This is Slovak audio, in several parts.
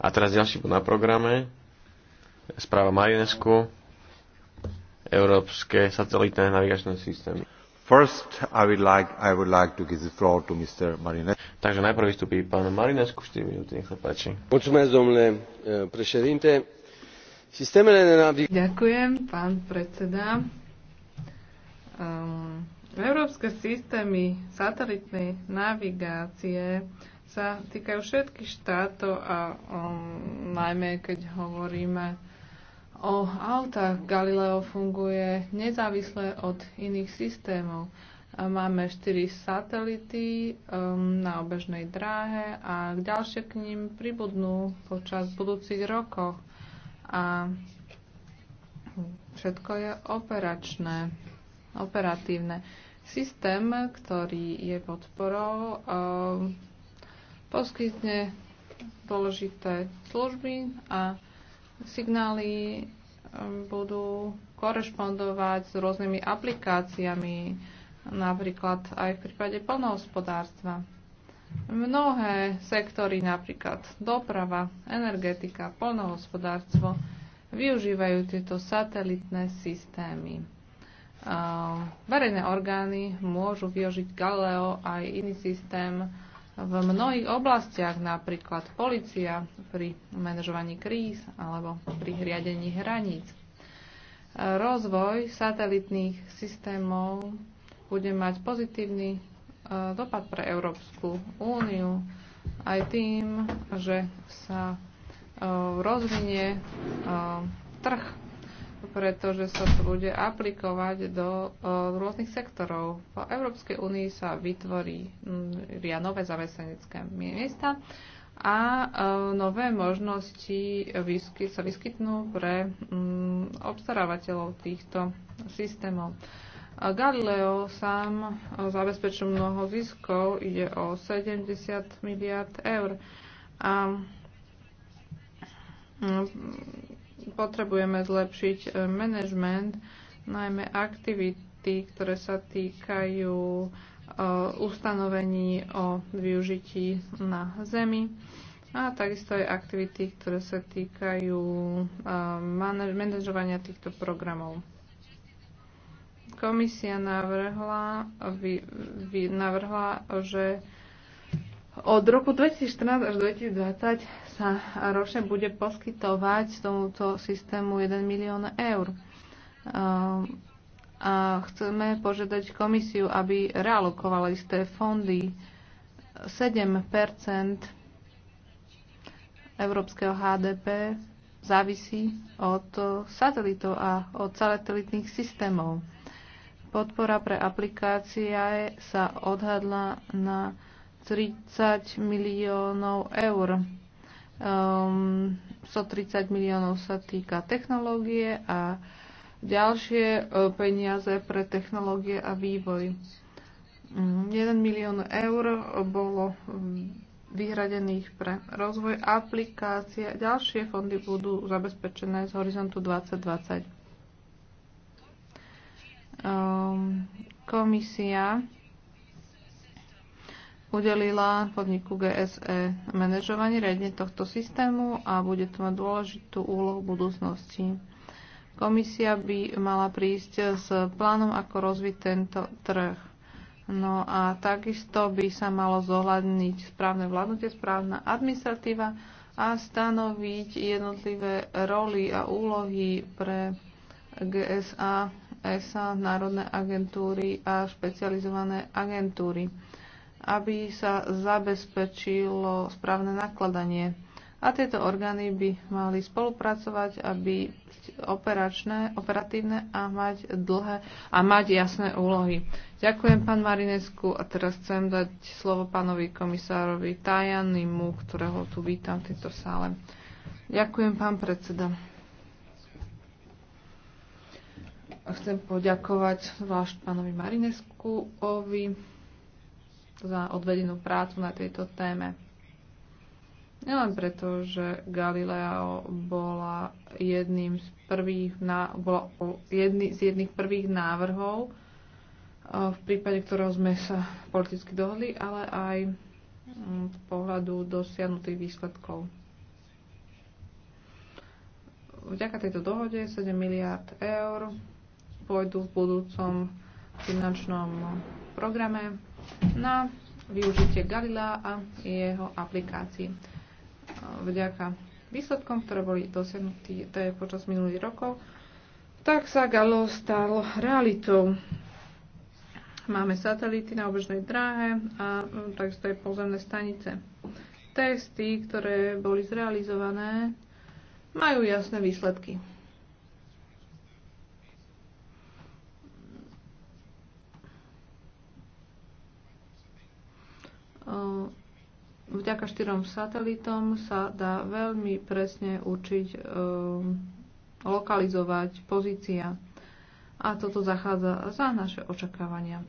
A teraz ďalší bod na programe. Správa Marinesku. Európske satelitné navigačné systémy. First, I would like, I would like to give the floor to Mr. Marinescu. Takže najprv vystupí pán Marinescu, 4 minúty, nech sa páči. Eh, Ďakujem, pán predseda. Um, Európske systémy satelitnej navigácie sa týkajú všetkých štátov a um, najmä keď hovoríme o autách, Galileo funguje nezávisle od iných systémov. Máme 4 satelity um, na obežnej dráhe a ďalšie k ním pribudnú počas budúcich rokov. A všetko je operačné operatívne. Systém, ktorý je podporou, eh, poskytne dôležité služby a signály eh, budú korešpondovať s rôznymi aplikáciami, napríklad aj v prípade plnohospodárstva. Mnohé sektory, napríklad doprava, energetika, plnohospodárstvo, využívajú tieto satelitné systémy verejné orgány môžu využiť Galileo aj iný systém v mnohých oblastiach, napríklad policia pri manažovaní kríz alebo pri riadení hraníc. Rozvoj satelitných systémov bude mať pozitívny e, dopad pre Európsku úniu aj tým, že sa e, rozvinie e, trh pretože sa to bude aplikovať do e, rôznych sektorov. V Európskej únii sa vytvorí mm, ria nové zamestnanecké miesta a e, nové možnosti vysky, sa vyskytnú pre mm, obstarávateľov týchto systémov. Galileo sám zabezpečil mnoho ziskov, ide o 70 miliard eur. A mm, potrebujeme zlepšiť e, management, najmä aktivity, ktoré sa týkajú e, ustanovení o využití na Zemi a takisto aj aktivity, ktoré sa týkajú e, manažovania týchto programov. Komisia navrhla, vy, vy navrhla že od roku 2014 až 2020 sa ročne bude poskytovať tomuto systému 1 milión eur. A chceme požiadať komisiu, aby realokovala isté fondy. 7 európskeho HDP závisí od satelitov a od satelitných systémov. Podpora pre aplikácie sa odhadla na 30 miliónov eur. Um, 130 miliónov sa týka technológie a ďalšie e, peniaze pre technológie a vývoj. 1 mm, milión eur bolo mm, vyhradených pre rozvoj aplikácie a ďalšie fondy budú zabezpečené z horizontu 2020. Um, komisia udelila podniku GSE manažovanie riadne tohto systému a bude to mať dôležitú úlohu v budúcnosti. Komisia by mala prísť s plánom, ako rozviť tento trh. No a takisto by sa malo zohľadniť správne vládnutie, správna administratíva a stanoviť jednotlivé roly a úlohy pre GSA, ESA, národné agentúry a špecializované agentúry aby sa zabezpečilo správne nakladanie. A tieto orgány by mali spolupracovať aby byť operačné, operatívne a mať dlhé a mať jasné úlohy. Ďakujem pán Marinesku a teraz chcem dať slovo pánovi komisárovi Tajanimu, ktorého tu vítam v tejto sále. Ďakujem pán predseda. Chcem poďakovať zvlášť pánovi Marineskuovi za odvedenú prácu na tejto téme. Nielen preto, že Galileo bola jedným z prvých, bola jedný, z jedných prvých návrhov, e, v prípade ktorého sme sa politicky dohodli, ale aj mm, z pohľadu dosiahnutých výsledkov. Vďaka tejto dohode 7 miliard eur pôjdu v budúcom finančnom programe na využitie Galilea a jeho aplikácií. E, vďaka výsledkom, ktoré boli dosiahnuté počas minulých rokov, tak sa Galileo stalo realitou. Máme satelity na obežnej dráhe a e, takisto aj pozemné stanice. Testy, ktoré boli zrealizované, majú jasné výsledky. vďaka štyrom satelitom sa dá veľmi presne určiť, e, lokalizovať pozícia. A toto zachádza za naše očakávania.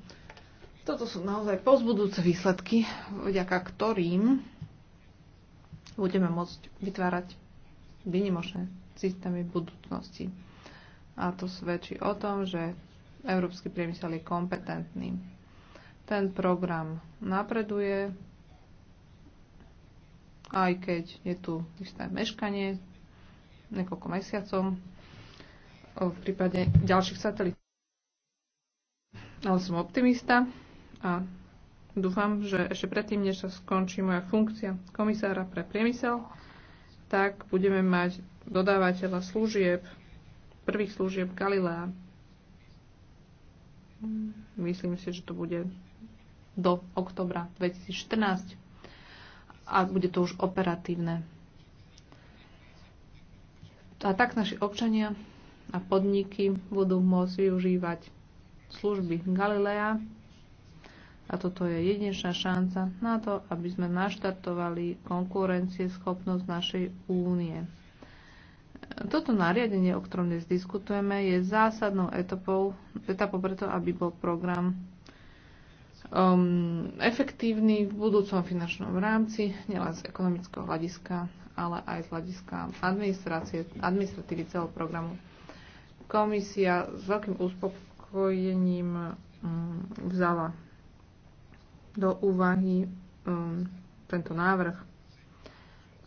Toto sú naozaj pozbudúce výsledky, vďaka ktorým budeme môcť vytvárať vynimočné systémy budúcnosti. A to svedčí o tom, že európsky priemysel je kompetentný. Ten program napreduje, aj keď je tu isté meškanie niekoľko mesiacov v prípade ďalších satelitov. Ale som optimista a dúfam, že ešte predtým, než sa skončí moja funkcia komisára pre priemysel, tak budeme mať dodávateľa služieb, prvých služieb Galilea. Myslím si, že to bude do oktobra 2014 a bude to už operatívne. A tak naši občania a podniky budú môcť využívať služby Galilea a toto je jedinečná šanca na to, aby sme naštartovali konkurencieschopnosť našej únie. Toto nariadenie, o ktorom dnes diskutujeme, je zásadnou etapou, etapou preto, aby bol program um, efektívny v budúcom finančnom rámci, nielen z ekonomického hľadiska, ale aj z hľadiska administrácie, administratívy celého programu. Komisia s veľkým uspokojením um, vzala do úvahy um, tento návrh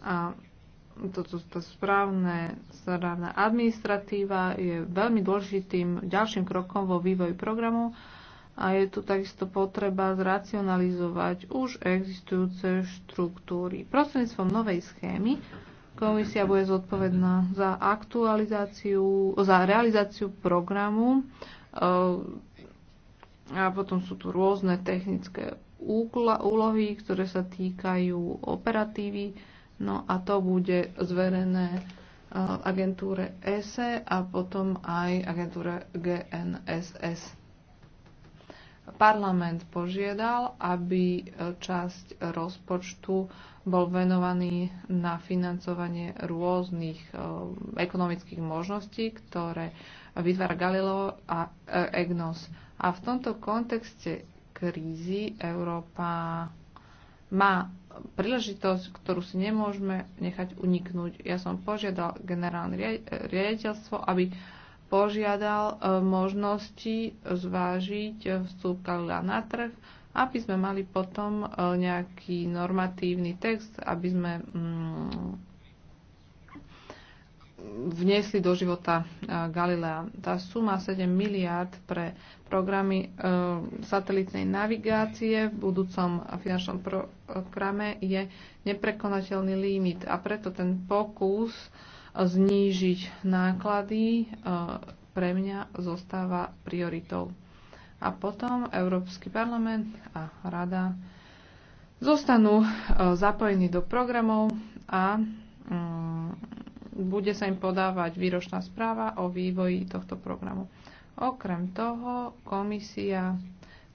a toto, to správne, správna administratíva je veľmi dôležitým ďalším krokom vo vývoji programu a je tu takisto potreba zracionalizovať už existujúce štruktúry. Prostredníctvom novej schémy komisia bude zodpovedná za aktualizáciu, za realizáciu programu eh, a potom sú tu rôzne technické úlohy, ktoré sa týkajú operatívy, no a to bude zverené eh, agentúre ESE a potom aj agentúre GNSS. Parlament požiadal, aby e, časť rozpočtu bol venovaný na financovanie rôznych e, ekonomických možností, ktoré vytvára Galileo a e, EGNOS. A v tomto kontexte krízy Európa má príležitosť, ktorú si nemôžeme nechať uniknúť. Ja som požiadal generálne riaditeľstvo, aby požiadal e, možnosti zvážiť vstup kalila na trh, aby sme mali potom e, nejaký normatívny text, aby sme mm, vniesli do života e, Galilea. Tá suma 7 miliard pre programy satelitnej navigácie v budúcom finančnom programe je neprekonateľný limit a preto ten pokus znížiť náklady e, pre mňa zostáva prioritou. A potom Európsky parlament a Rada zostanú e, zapojení do programov a mm, bude sa im podávať výročná správa o vývoji tohto programu. Okrem toho komisia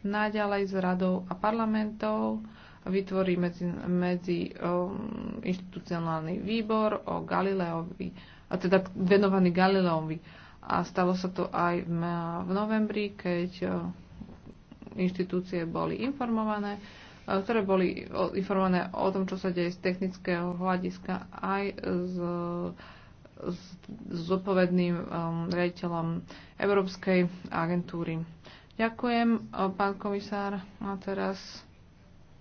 naďalej s radou a parlamentov vytvorí medzi, medzi um, inštitucionálny výbor o Galileovi, a teda venovaný Galileovi. A stalo sa to aj v, v novembri, keď uh, inštitúcie boli informované, uh, ktoré boli uh, informované o tom, čo sa deje z technického hľadiska aj z s zodpovedným um, riaditeľom Európskej agentúry. Ďakujem, uh, pán komisár. A teraz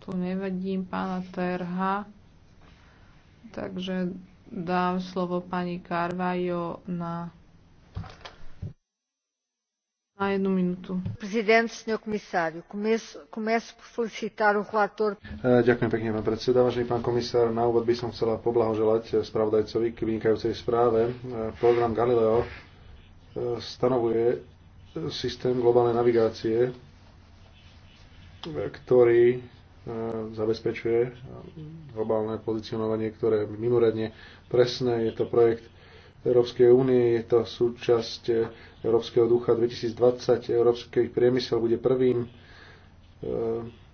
tu nevedím pána Terha, takže dám slovo pani Carvajo na na jednu minútu. Prezident, senhor komisário, começo por felicitar um relator. Eh, ďakujem pekne, pán predseda. Vážený pán komisár, na úvod by som chcela poblahoželať eh, spravodajcovi k vynikajúcej správe. Eh, program Galileo stanovuje systém globálnej navigácie, ktorý zabezpečuje globálne pozicionovanie, ktoré je mimoriadne presné. Je to projekt Európskej únie, je to súčasť Európskeho ducha 2020. Európsky priemysel bude prvým e,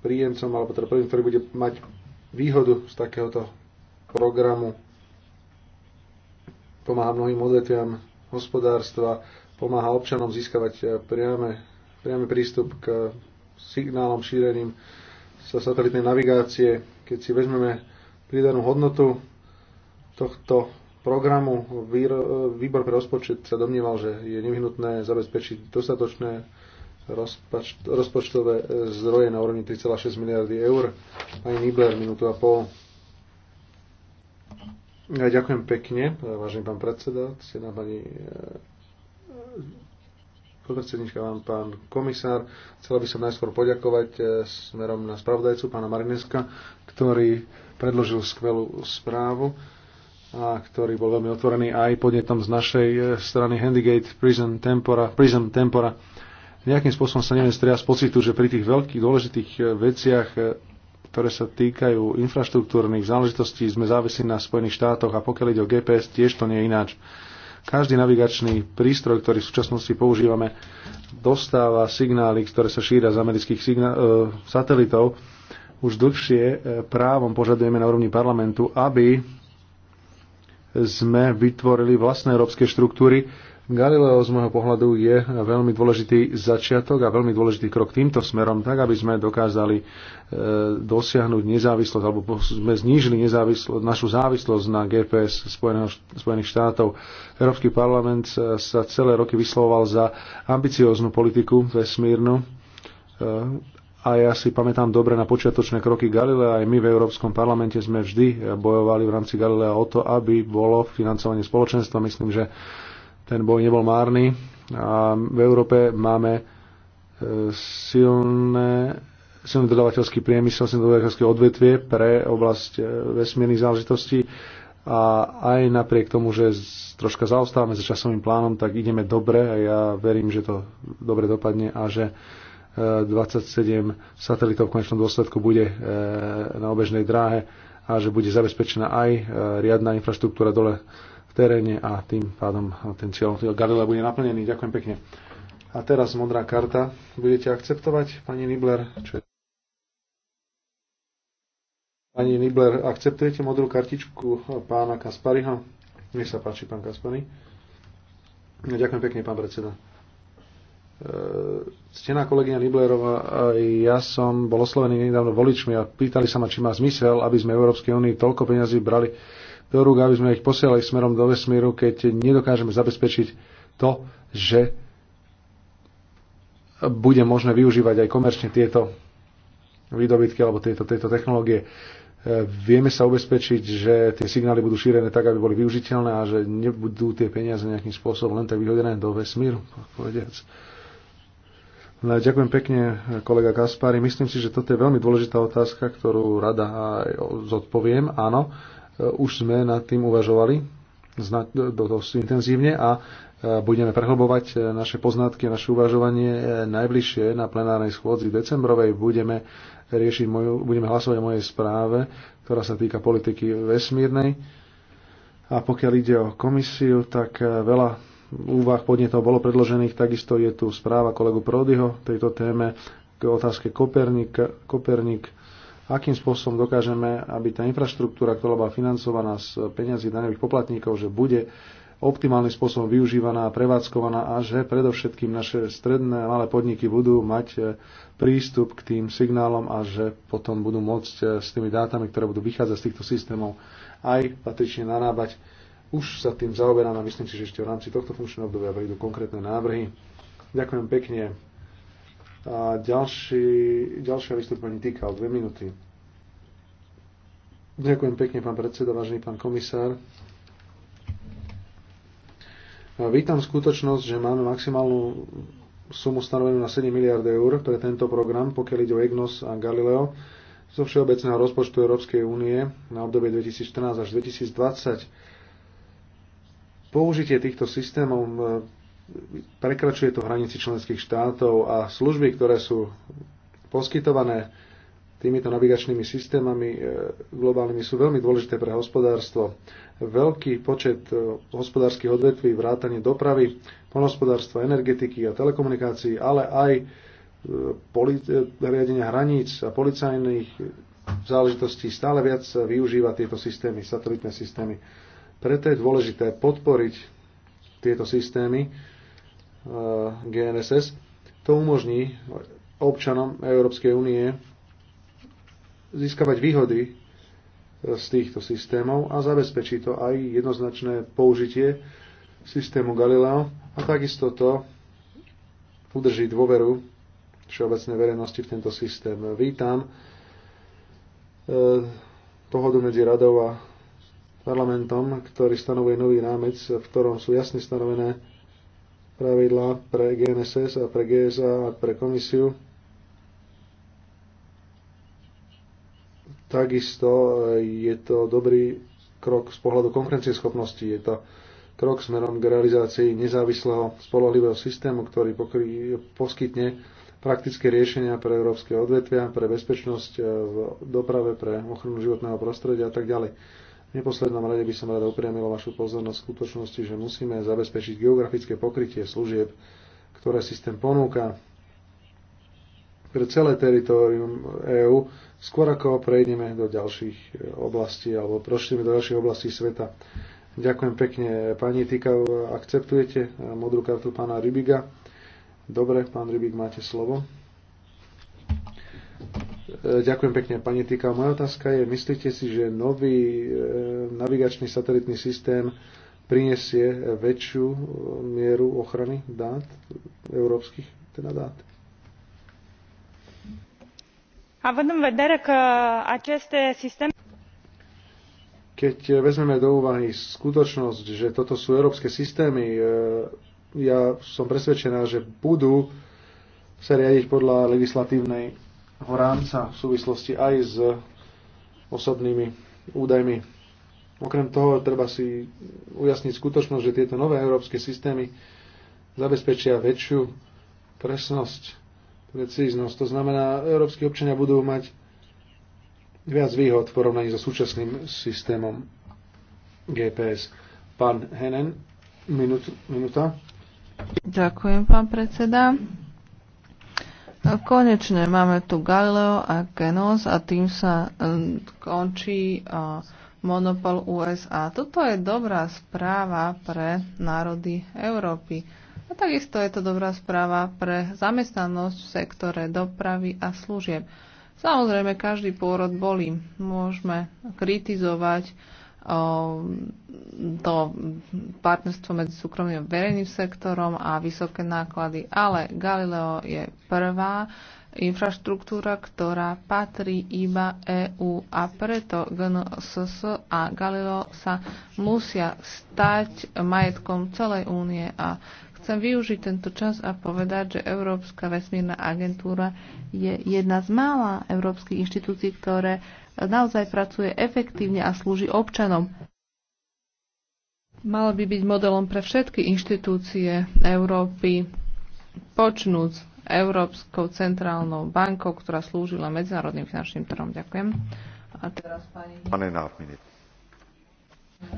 príjemcom, alebo teda prvým, ktorý bude mať výhodu z takéhoto programu. Pomáha mnohým odvetviam hospodárstva, pomáha občanom získavať priame, prístup k signálom šíreným sa satelitnej navigácie. Keď si vezmeme pridanú hodnotu tohto programu, výbor pre rozpočet sa domnieval, že je nevyhnutné zabezpečiť dostatočné rozpočtové e, zdroje na úrovni 3,6 miliardy eur. Pani Nibler, minútu a pol. Ja ďakujem pekne, vážený pán predseda, na pani e, podpredsednička, vám pán komisár. Chcela by som najskôr poďakovať eh, smerom na spravodajcu pána Marineska, ktorý predložil skvelú správu a ktorý bol veľmi otvorený aj podnetom z našej eh, strany Handygate Prism Tempora. Prism Tempora. Nejakým spôsobom sa neviem striať z pocitu, že pri tých veľkých dôležitých eh, veciach, ktoré sa týkajú infraštruktúrnych záležitostí, sme závisí na Spojených štátoch a pokiaľ ide o GPS, tiež to nie je ináč. Každý navigačný prístroj, ktorý v súčasnosti používame, dostáva signály, ktoré sa šíria z amerických e, satelitov. Už dlhšie e, právom požadujeme na úrovni parlamentu, aby sme vytvorili vlastné európske štruktúry, Galileo z môjho pohľadu je veľmi dôležitý začiatok a veľmi dôležitý krok týmto smerom, tak aby sme dokázali e, dosiahnuť nezávislosť, alebo sme znížili nezávislosť, našu závislosť na GPS Spojeného, Spojených štátov. Európsky parlament e, sa celé roky vyslovoval za ambicióznu politiku vesmírnu. E, a ja si pamätám dobre na počiatočné kroky Galilea, aj my v Európskom parlamente sme vždy bojovali v rámci Galilea o to, aby bolo financovanie spoločenstva. Myslím, že ten boj nebol márny a v Európe máme e, silné, silný dodavateľský priemysel, silné dodávateľské odvetvie pre oblasť e, vesmírnych záležitostí a aj napriek tomu, že troška zaostávame za časovým plánom, tak ideme dobre a ja verím, že to dobre dopadne a že 27 e, satelitov v konečnom dôsledku bude na obežnej dráhe a že bude zabezpečená aj riadna infraštruktúra dole teréne a tým pádom ten cieľ Galilea bude naplnený. Ďakujem pekne. A teraz modrá karta. Budete akceptovať, pani Nibler? Čo je? Pani Nibler, akceptujete modrú kartičku pána Kaspariho? Nech sa páči, pán Kaspari. No, ďakujem pekne, pán predseda. Stená e, kolegyňa Niblerová, ja som bol oslovený nedávno voličmi a pýtali sa ma, či má zmysel, aby sme Európskej únii toľko peňazí brali do rúk, aby sme ich posielali smerom do vesmíru, keď nedokážeme zabezpečiť to, že bude možné využívať aj komerčne tieto výdobytky alebo tieto, tieto technológie. Vieme sa ubezpečiť, že tie signály budú šírené tak, aby boli využiteľné a že nebudú tie peniaze nejakým spôsobom len tak vyhodené do vesmíru, povediac. No, ďakujem pekne, kolega Kaspari. Myslím si, že toto je veľmi dôležitá otázka, ktorú rada aj zodpoviem. Áno, Eh, už sme nad tým uvažovali dosť intenzívne a eh, budeme prehlbovať eh, naše poznatky, naše uvažovanie najbližšie na plenárnej schôdzi decembrovej. Budeme, riešiť moju, budeme hlasovať o mojej správe, ktorá sa týka politiky vesmírnej. A pokiaľ ide o komisiu, tak veľa úvah podnetov bolo predložených. Takisto je tu správa kolegu Prodyho tejto téme k otázke Kopernik. Kopernik akým spôsobom dokážeme, aby tá infraštruktúra, ktorá bola financovaná z peňazí daňových poplatníkov, že bude optimálnym spôsobom využívaná a prevádzkovaná a že predovšetkým naše stredné a malé podniky budú mať eh, prístup k tým signálom a že potom budú môcť eh, s tými dátami, ktoré budú vychádzať z týchto systémov, aj patrične narábať. Už sa tým zaoberáme a myslím si, že ešte v rámci tohto funkčného obdobia prídu konkrétne návrhy. Ďakujem pekne a ďalší, ďalšie vystúpenie týkal dve minúty. Ďakujem pekne, pán predseda, vážený pán komisár. Vítam skutočnosť, že máme maximálnu sumu stanovenú na 7 miliard eur pre tento program, pokiaľ ide o EGNOS a Galileo zo všeobecného rozpočtu Európskej únie na obdobie 2014 až 2020. Použitie týchto systémov prekračuje to hranici členských štátov a služby, ktoré sú poskytované týmito navigačnými systémami e, globálnymi sú veľmi dôležité pre hospodárstvo. Veľký počet e, hospodárskych odvetví, vrátanie dopravy, polnohospodárstva, energetiky a telekomunikácií, ale aj e, riadenia hraníc a policajných záležitostí stále viac využíva tieto systémy, satelitné systémy. Preto je dôležité podporiť tieto systémy, Eh, GNSS. To umožní občanom Európskej únie získavať výhody eh, z týchto systémov a zabezpečí to aj jednoznačné použitie systému Galileo a takisto to udrží dôveru všeobecnej verejnosti v tento systém. Vítam pohodu eh, medzi radou a parlamentom, ktorý stanovuje nový rámec, v ktorom sú jasne stanovené pravidlá pre GNSS a pre GSA a pre komisiu. Takisto eh, je to dobrý krok z pohľadu konkurencieschopnosti. Je to krok smerom k realizácii nezávislého spolahlivého systému, ktorý pokry, poskytne praktické riešenia pre európske odvetvia, pre bezpečnosť eh, v doprave, pre ochranu životného prostredia a tak ďalej. V neposlednom rade by som rada upriamila vašu pozornosť v skutočnosti, že musíme zabezpečiť geografické pokrytie služieb, ktoré systém ponúka pre celé teritorium EÚ, skôr ako prejdeme do ďalších e, oblastí alebo prošlíme do ďalších oblastí sveta. Ďakujem pekne. Pani Tikau, akceptujete e, modrú kartu pána Rybiga? Dobre, pán Rybik, máte slovo. E, ďakujem pekne, pani Tika. Moja otázka je, myslíte si, že nový e, navigačný satelitný systém prinesie väčšiu e, mieru ochrany dát, európskych teda dát? Având în vedere că aceste sisteme keď vezmeme do úvahy skutočnosť, že toto sú európske systémy, ja som presvedčená, že budú sa riadiť podľa legislatívnej rámca v súvislosti aj s osobnými údajmi. Okrem toho treba si ujasniť skutočnosť, že tieto nové európske systémy zabezpečia väčšiu presnosť, precíznosť. To znamená, európsky občania budú mať viac výhod v porovnaní so súčasným systémom GPS. Pán Henen, minút, minúta. Ďakujem, pán predseda. Konečne máme tu Galileo a Genos a tým sa e, končí e, monopol USA. Toto je dobrá správa pre národy Európy. A takisto je to dobrá správa pre zamestnanosť v sektore dopravy a služieb. Samozrejme, každý pôrod bolí. Môžeme kritizovať Ehm, to partnerstvo medzi súkromným a verejným sektorom a vysoké náklady. Ale Galileo je prvá infraštruktúra, ktorá patrí iba EÚ a preto GNSS a Galileo sa musia stať majetkom celej únie a chcem využiť tento čas a povedať, že Európska vesmírna agentúra je jedna z mála európskych inštitúcií, ktoré naozaj pracuje efektívne a slúži občanom. Mala by byť modelom pre všetky inštitúcie Európy, počnúc Európskou centrálnou bankou, ktorá slúžila medzinárodným finančným trhom. Ďakujem. A teraz pani... Pane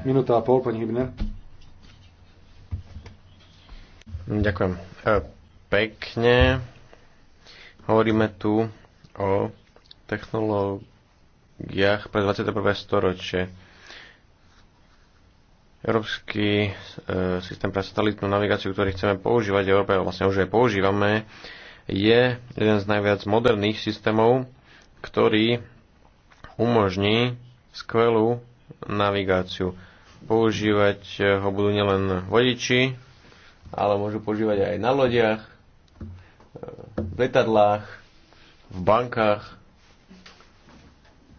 Minúta a pol, pani Hybner. Ďakujem. E, pekne. Hovoríme tu o technológii technológiách pre 21. storočie. Európsky e, systém pre satelitnú navigáciu, ktorý chceme používať v Európe, vlastne už aj používame, je jeden z najviac moderných systémov, ktorý umožní skvelú navigáciu. Používať ho budú nielen vodiči, ale môžu používať aj na lodiach, e, v letadlách, v bankách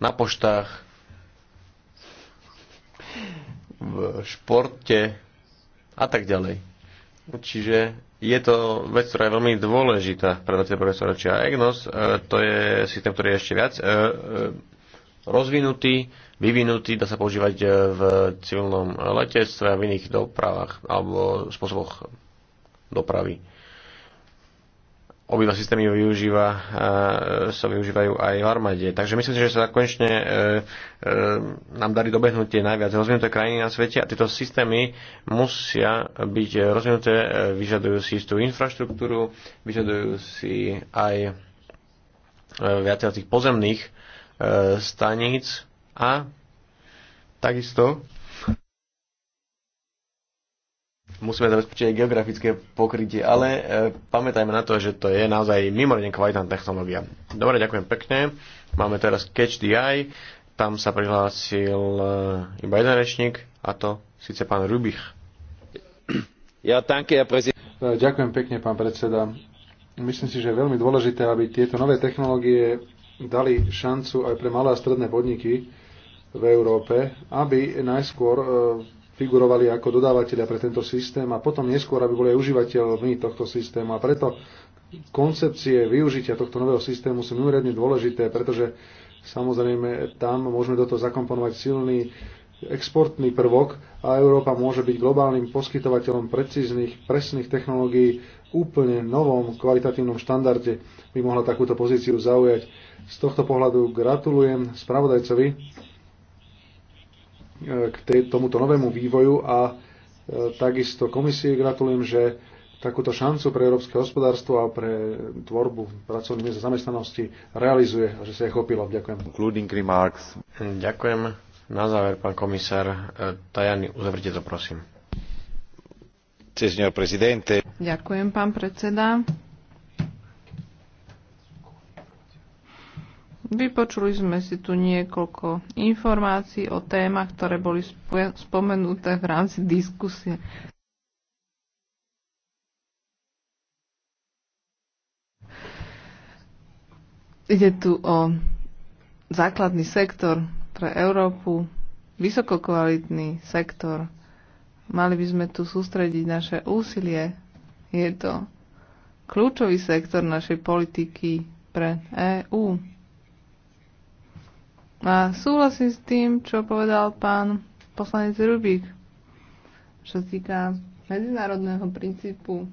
na poštách, v športe a tak ďalej. Čiže je to vec, ktorá je veľmi dôležitá pre 21. storočie. A EGNOS e, to je systém, ktorý je ešte viac e, e, rozvinutý, vyvinutý, dá sa používať v civilnom letectve a v iných dopravách alebo spôsoboch dopravy obidva systémy využíva, e, sa využívajú aj v armáde. Takže myslím si, že sa konečne e, e, nám darí dobehnúť tie najviac rozvinuté krajiny na svete a tieto systémy musia byť rozvinuté, vyžadujú si istú infraštruktúru, vyžadujú si aj viacerých pozemných staníc a takisto musíme zabezpečiť aj geografické pokrytie, ale e, pamätajme na to, že to je naozaj mimoriadne kvalitná technológia. Dobre, ďakujem pekne. Máme teraz Catch the Eye. Tam sa prihlásil e, iba jeden rečník, a to síce pán Rubich. Ja, tanky ja prezident. Ďakujem pekne, pán predseda. Myslím si, že je veľmi dôležité, aby tieto nové technológie dali šancu aj pre malé a stredné podniky v Európe, aby najskôr e, figurovali ako dodávateľia pre tento systém a potom neskôr, aby boli aj užívateľmi tohto systému. A preto koncepcie využitia tohto nového systému sú mimoriadne dôležité, pretože samozrejme tam môžeme do toho zakomponovať silný exportný prvok a Európa môže byť globálnym poskytovateľom precíznych, presných technológií úplne novom kvalitatívnom štandarde by mohla takúto pozíciu zaujať. Z tohto pohľadu gratulujem spravodajcovi k tomuto novému vývoju a e, takisto komisii gratulujem, že takúto šancu pre európske hospodárstvo a pre tvorbu pracovných miest a zamestnanosti realizuje a že sa je chopilo. Ďakujem. Including remarks. Ďakujem. Na záver, pán komisár e, Tajani, uzavrite to, prosím. Ďakujem, pán predseda. Vypočuli sme si tu niekoľko informácií o témach, ktoré boli spomenuté v rámci diskusie. Ide tu o základný sektor pre Európu, vysokokvalitný sektor. Mali by sme tu sústrediť naše úsilie. Je to kľúčový sektor našej politiky pre EÚ. A súhlasím s tým, čo povedal pán poslanec Rubik, čo sa týka medzinárodného princípu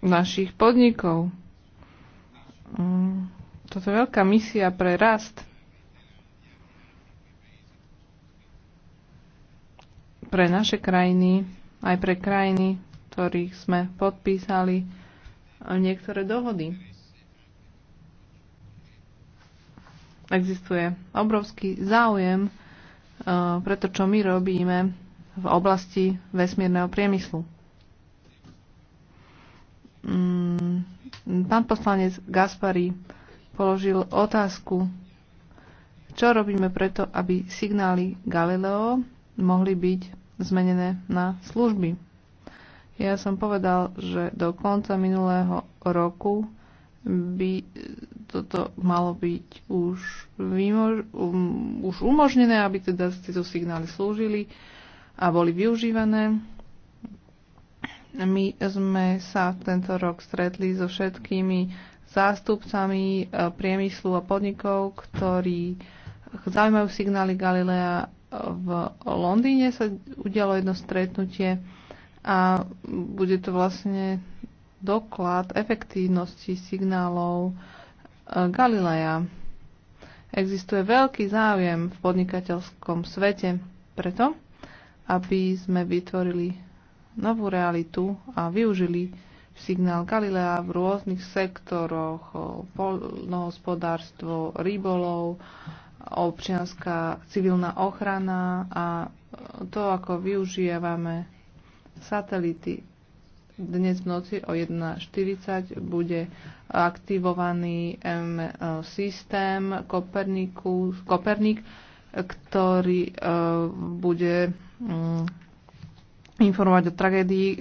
našich podnikov. Mm, toto je veľká misia pre rast. Pre naše krajiny, aj pre krajiny, ktorých sme podpísali niektoré dohody. Existuje obrovský záujem uh, to, čo my robíme v oblasti vesmírneho priemyslu. Mm, pán poslanec Gaspari položil otázku, čo robíme preto, aby signály Galileo mohli byť zmenené na služby. Ja som povedal, že do konca minulého roku by toto malo byť už, vymož- um, už umožnené, aby teda tieto signály slúžili a boli využívané. My sme sa tento rok stretli so všetkými zástupcami e, priemyslu a podnikov, ktorí zaujímajú signály Galilea. V Londýne sa udialo jedno stretnutie a bude to vlastne doklad efektívnosti signálov Galileja. Existuje veľký záujem v podnikateľskom svete preto, aby sme vytvorili novú realitu a využili signál Galilea v rôznych sektoroch, polnohospodárstvo, rybolov, občianská civilná ochrana a to, ako využívame satelity dnes v noci o 1.40 bude aktivovaný e, systém Kopernik, ktorý e, bude mm, informovať o tragédii, e,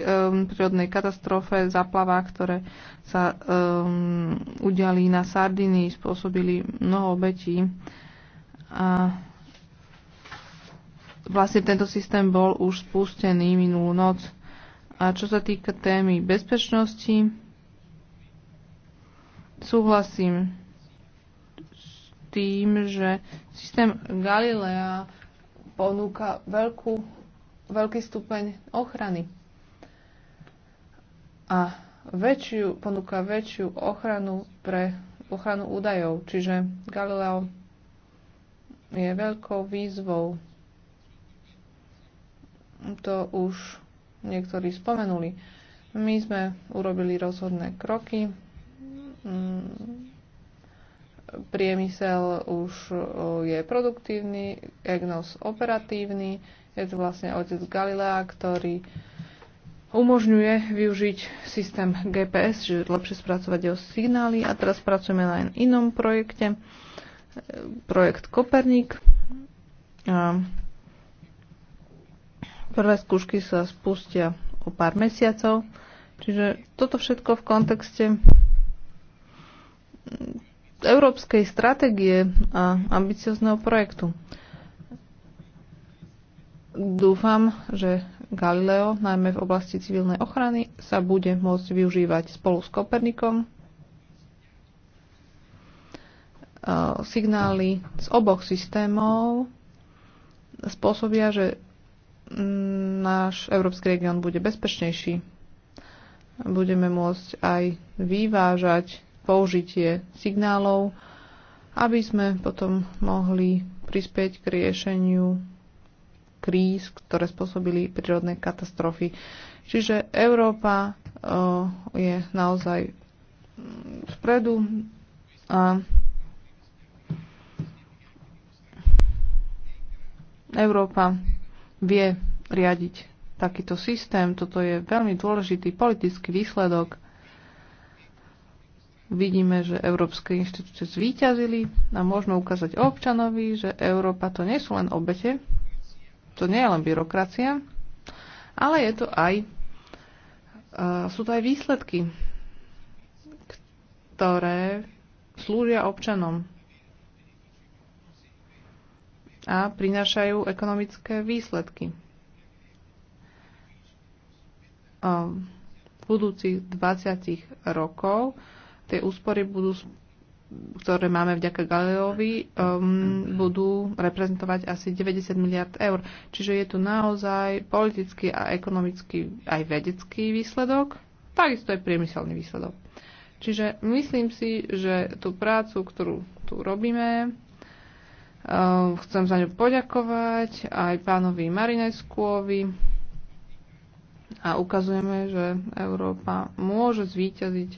prírodnej katastrofe, zaplavách, ktoré sa mm, udiali na Sardiny, spôsobili mnoho obetí. A vlastne tento systém bol už spustený minulú noc. A čo sa týka témy bezpečnosti, súhlasím s tým, že systém Galilea ponúka veľkú, veľký stupeň ochrany. A väčšiu, ponúka väčšiu ochranu pre ochranu údajov. Čiže Galileo je veľkou výzvou. To už niektorí spomenuli. My sme urobili rozhodné kroky. Mm, priemysel už e, je produktívny, EGNOS operatívny, je to vlastne otec Galilea, ktorý umožňuje využiť systém GPS, že lepšie spracovať jeho signály a teraz pracujeme na inom projekte, e, projekt Koperník. Prvé skúšky sa spustia o pár mesiacov, čiže toto všetko v kontexte mm, európskej stratégie a ambiciozného projektu. Dúfam, že Galileo, najmä v oblasti civilnej ochrany, sa bude môcť využívať spolu s Kopernikom. Signály z oboch systémov spôsobia, že náš európsky región bude bezpečnejší. Budeme môcť aj vyvážať použitie signálov, aby sme potom mohli prispieť k riešeniu kríz, ktoré spôsobili prírodné katastrofy. Čiže Európa je naozaj vpredu a Európa vie riadiť takýto systém. Toto je veľmi dôležitý politický výsledok. Vidíme, že európske inštitúcie zvíťazili a môžeme ukázať občanovi, že Európa to nie sú len obete, to nie je len byrokracia, ale je to aj, e, sú to aj výsledky, ktoré slúžia občanom a prinášajú ekonomické výsledky. V budúcich 20 rokov tie úspory budú ktoré máme vďaka Galileovi, um, budú reprezentovať asi 90 miliard eur. Čiže je tu naozaj politický a ekonomický aj vedecký výsledok, takisto aj priemyselný výsledok. Čiže myslím si, že tú prácu, ktorú tu robíme, Ehm, chcem za ňu poďakovať aj pánovi Marineskôvi a ukazujeme, že Európa môže zvíťaziť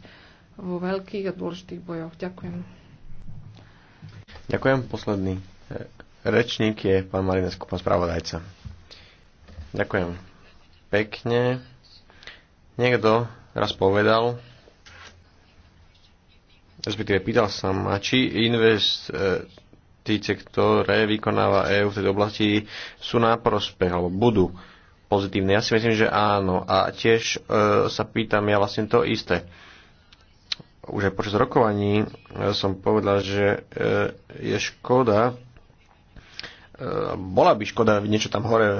vo veľkých a dôležitých bojoch. Ďakujem. Ďakujem. Posledný eh, rečník je pán Marinesko, pán spravodajca. Ďakujem pekne. Niekto raz povedal, respektíve pýtal sa ma, či invest, eh, investície, ktoré vykonáva EÚ v tejto oblasti, sú na prospech, alebo budú pozitívne. Ja si myslím, že áno. A tiež e, sa pýtam ja vlastne to isté. Už aj počas rokovaní e, som povedal, že e, je škoda, e, bola by škoda niečo tam hore e,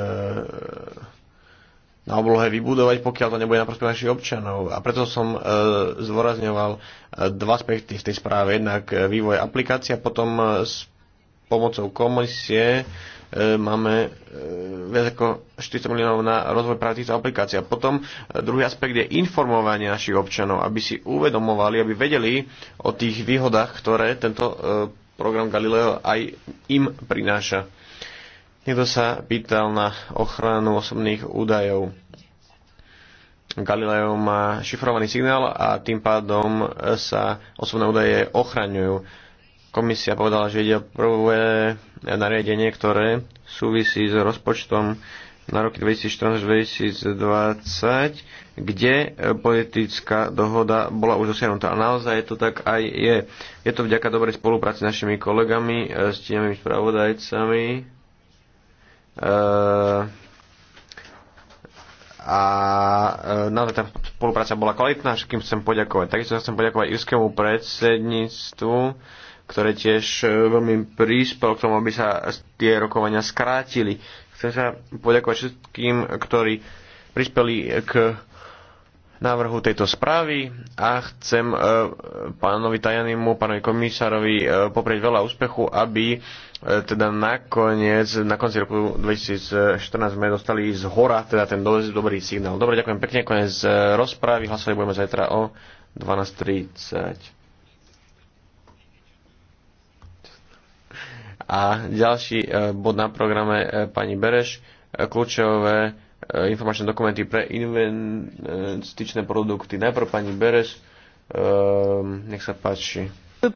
na oblohe vybudovať, pokiaľ to nebude na prospech našich občanov. A preto som e, e, dva aspekty v tej správe. Jednak e, vývoj aplikácia, potom e, pomocou komisie e, máme e, viac ako 400 miliónov na rozvoj práve týchto aplikácií. A potom e, druhý aspekt je informovanie našich občanov, aby si uvedomovali, aby vedeli o tých výhodách, ktoré tento program Galileo aj im prináša. Niekto sa pýtal na ochranu osobných údajov. Galileo má šifrovaný signál a tým pádom sa osobné údaje ochraňujú Komisia povedala, že ide o prvé nariadenie, ktoré súvisí s rozpočtom na roky 2014-2020, kde politická dohoda bola už dosiahnutá. A naozaj to tak aj je. Je to vďaka dobrej spolupráci s našimi kolegami, e, s tými spravodajcami e, a e, naozaj tá spolupráca bola kvalitná, všetkým chcem poďakovať. Takisto chcem poďakovať irskému predsedníctvu, ktoré tiež e, veľmi prispel k tomu, aby sa tie rokovania skrátili. Chcem sa poďakovať všetkým, ktorí prispeli k návrhu tejto správy a chcem e, pánovi Tajanimu, pánovi komisárovi e, poprieť veľa úspechu, aby teda nakoniec, na konci roku 2014 sme dostali z hora teda ten do, dobrý signál. Dobre, ďakujem pekne, konec rozprávy, hlasovať budeme zajtra o 12.30. A ďalší e, bod na programe e, pani Bereš, e, kľúčové informačné dokumenty pre investičné produkty. Najprv pani Bereš, nech sa páči.